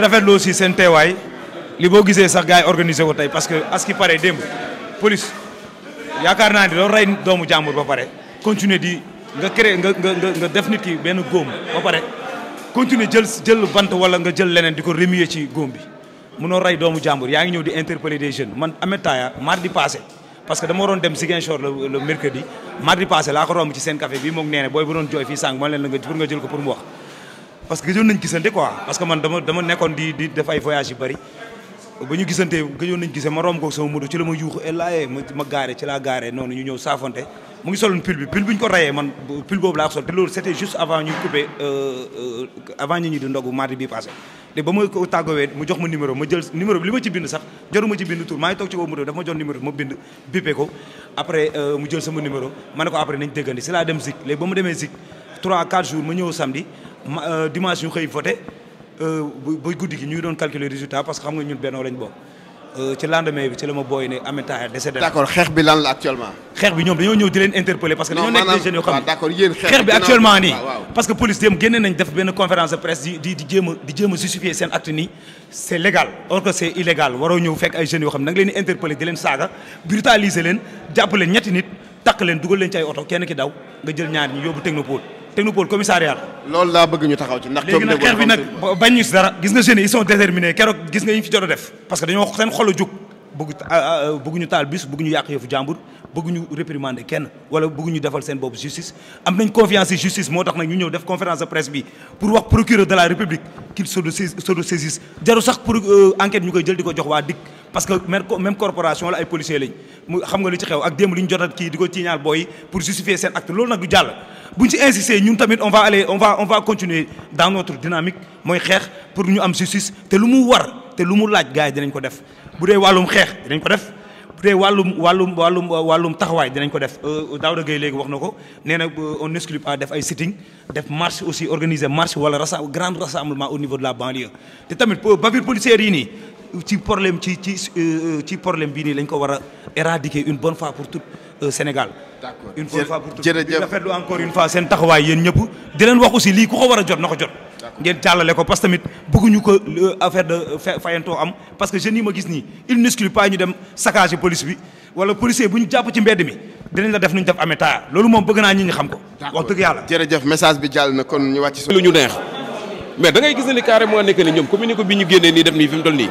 di rafetlu si seen teewaay li boo gisee sax gars yi organisé ko tey parce que aski pare dem police yaakaar naa ni doo rey doomu jàmbur ba pare continuer di nga créé nga nga nga def nit ki benn góom ba pare continuer jël jël bant wala nga jël leneen di ko remuer ci góom bi mënoo rey doomu jàmbur yaa ngi ñëw di interpeller des jeunes man Ahmed Taya mardi passé parce que dama waroon dem Ziguinchor le mercredi mardi passé laa ko romb ci seen café bii moom nee nga jël ko pour mu wax parce que gëjoon nañ gisante quoi parce que man dama dama nekkoon di di def ay voyage yu bëri ba ñu gisante gëjoon nañ gisee ma romb ko sama moto ci la ma yuuxu e eh, laayee ma gaare ci laa gaare noonu ñu ñëw saafante mu ngi soloon pile bi pile bu ñu ko rayee man pile boobu laa ko sol te loolu c'était juste avant ñu coupé euh, euh, avant ñu ñu di ndogu mardi bii passé te ba ma ko tàggowee mu jox ma numéro ma jël numéro li ma ci bind sax jaruma ci bind tur maa ngi toog ci kaw moto dafa ma jox numéro ma bind euh, ma ne ko après nañ déggandi si la dem Zik ba ma demee Zik 3 4 jours ma ñëw Euh, dimanche ñu koy voté euh boy gi ñu ngi doon calculer résultat parce que xam nga ñun benno lañ bok euh ci lendemain bi ci lama boy né amé Ahmed Taher décédé. d' accord bi lan la actuellement. xex bi ñom dañu ñëw di leen interpeller parce que ñu nek des jeunes yo xam ne d' accord bi actuellement ni parce que police dem génne nañ def ben conférence de presse di di di jéem di jéem justifier sen acte ni c'est légal or que c'est illégal waro ñëw fekk ay jeunes yo xam ne leen di interpeller di leen saga brutaliser leen japp leen ñetti nit tak leen duggal leen ci ay auto kenn ki daw nga jël ñaar ñi yobu technopole le commissariat la. bëgg ñu taxaw ci nous Les sont déterminés ñu fait. parce que nous nous avons bëgg bëgguñu justice. am nañ confiance en justice c'est pourquoi ñu ñëw conférence de presse bi pour wax procureur de la république qu'il se saisisse sax pour euh, enquête ñu parce que même corporation là, ay policier lañ xam nga li ci xew ak dem liñ jotat ki diko di boy pour justifier seen acte loolu nak du jall buñ ci insister ñun tamit on va aller on va on va continuer dans notre dynamique moy xex pour ñu am justice té lu mu war té lu mu laaj gars yi dinañ ko def budé walum xex dinañ ko def budé walum walum walum walum wàllum dinañ ko def euh, Daouda Gueye léegi wax na ko nee na euh, on exclut pas def ay sitting def marche aussi organiser marche wala rasa grand rassemblement au niveau de la banlieue té tamit euh, bavure policière yi ni ci problème ci ci euh, ci problème bi ni lañ ko wara éradiquer une bonne fois pour tout euh, Sénégal. d'accord une bonne fois pour tout jërëjëf di rafetlu encore une fois sen taxawaay yeen ñëpp. di leen wax aussi li ku ko wara jot nako jot. ngeen jàllale ko parce que tamit bëgguñu ko euh, affaire de fayantoo am parce que je ni ma gis ni il n'exclut pas ñu dem saccager police bi wala policier buñu japp ci mbedd mi dinañ la def nu ñu def ameta lolu mom bëgg na ñi ñi xam ko. wax dëgg yalla jere jërëjëf message bi jàll na kon ñu wàcc. lu ñu neex mais da ngay gis ne carrément nekk ni ñom communiqué bi ñu génnee nii def nii fi mu toll nii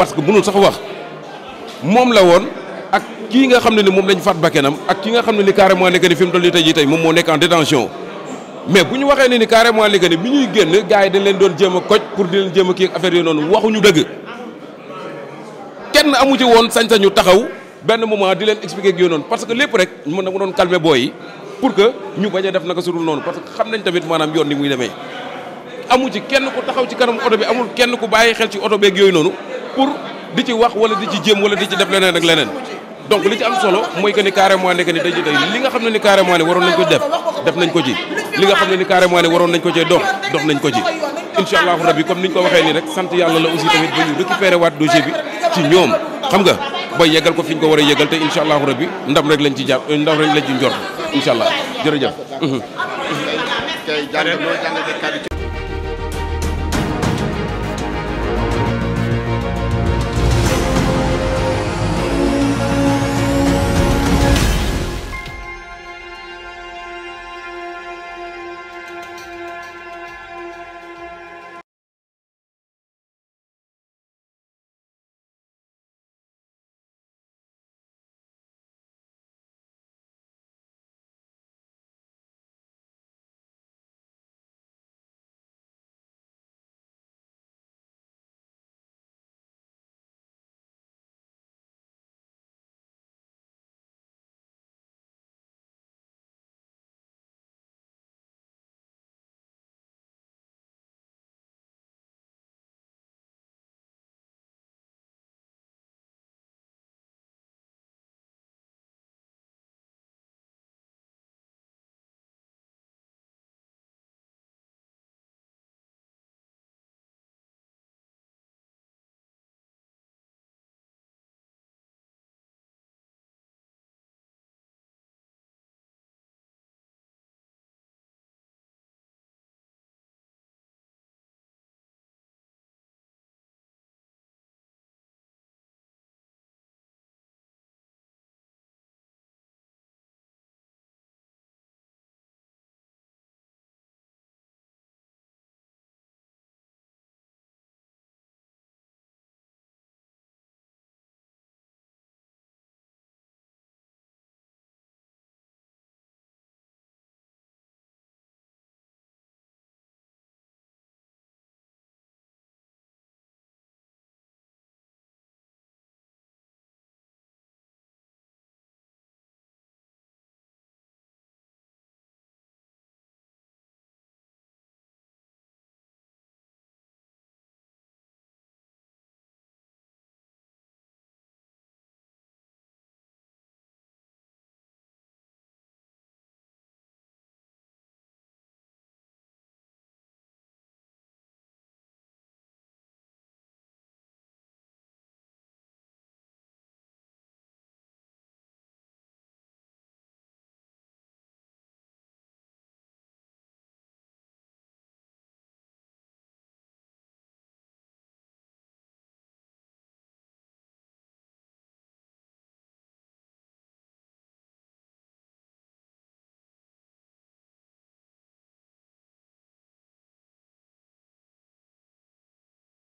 parce que mënul sax wax moom la woon ak kii nga xam ne ni moom lañ faat bakkanam ak ki nga xam ne ni carrément nekk ni fi mu toll tey jii tey moom moo nekk détention mais bu ñu waxee ne ni carrément nekk ni bi ñuy génn gars yi leen doon jéem a koj pour di leen jéem a kii ak affaire yooyu noonu waxuñu dëgg kenn amu ci woon sañ-sañu taxaw benn moment di leen expliquer ak yooyu noonu parce que lépp rek mën na ko doon calmer booy yi pour que ñu bañ def que xam nañ tamit maanaam yoon ni muy demee amu kenn taxaw ci kanam oto bi amul kenn ku bàyyi xel ci oto beeg yooyu noonu pour di ci wax wala di ci jéem wala di ci def leneen ak leneen donc li ci am solo mooy que ni carrément ne li nga xam ne ni carrément ne waroon nañ ko def def nañ ko ci li nga xam ne ni carrément waroon nañ ko cee dox dox nañ ko ci incha allahu rabi comme ni ko waxee nii rek sant yàlla la aussi tamit ba ñu récupéré waat dossier bi ci ñoom xam nga ba yeggal ko fi ñu ko war a yeggal te incha allahu rabi ndam rek lañ ci jàpp ndam rek lañ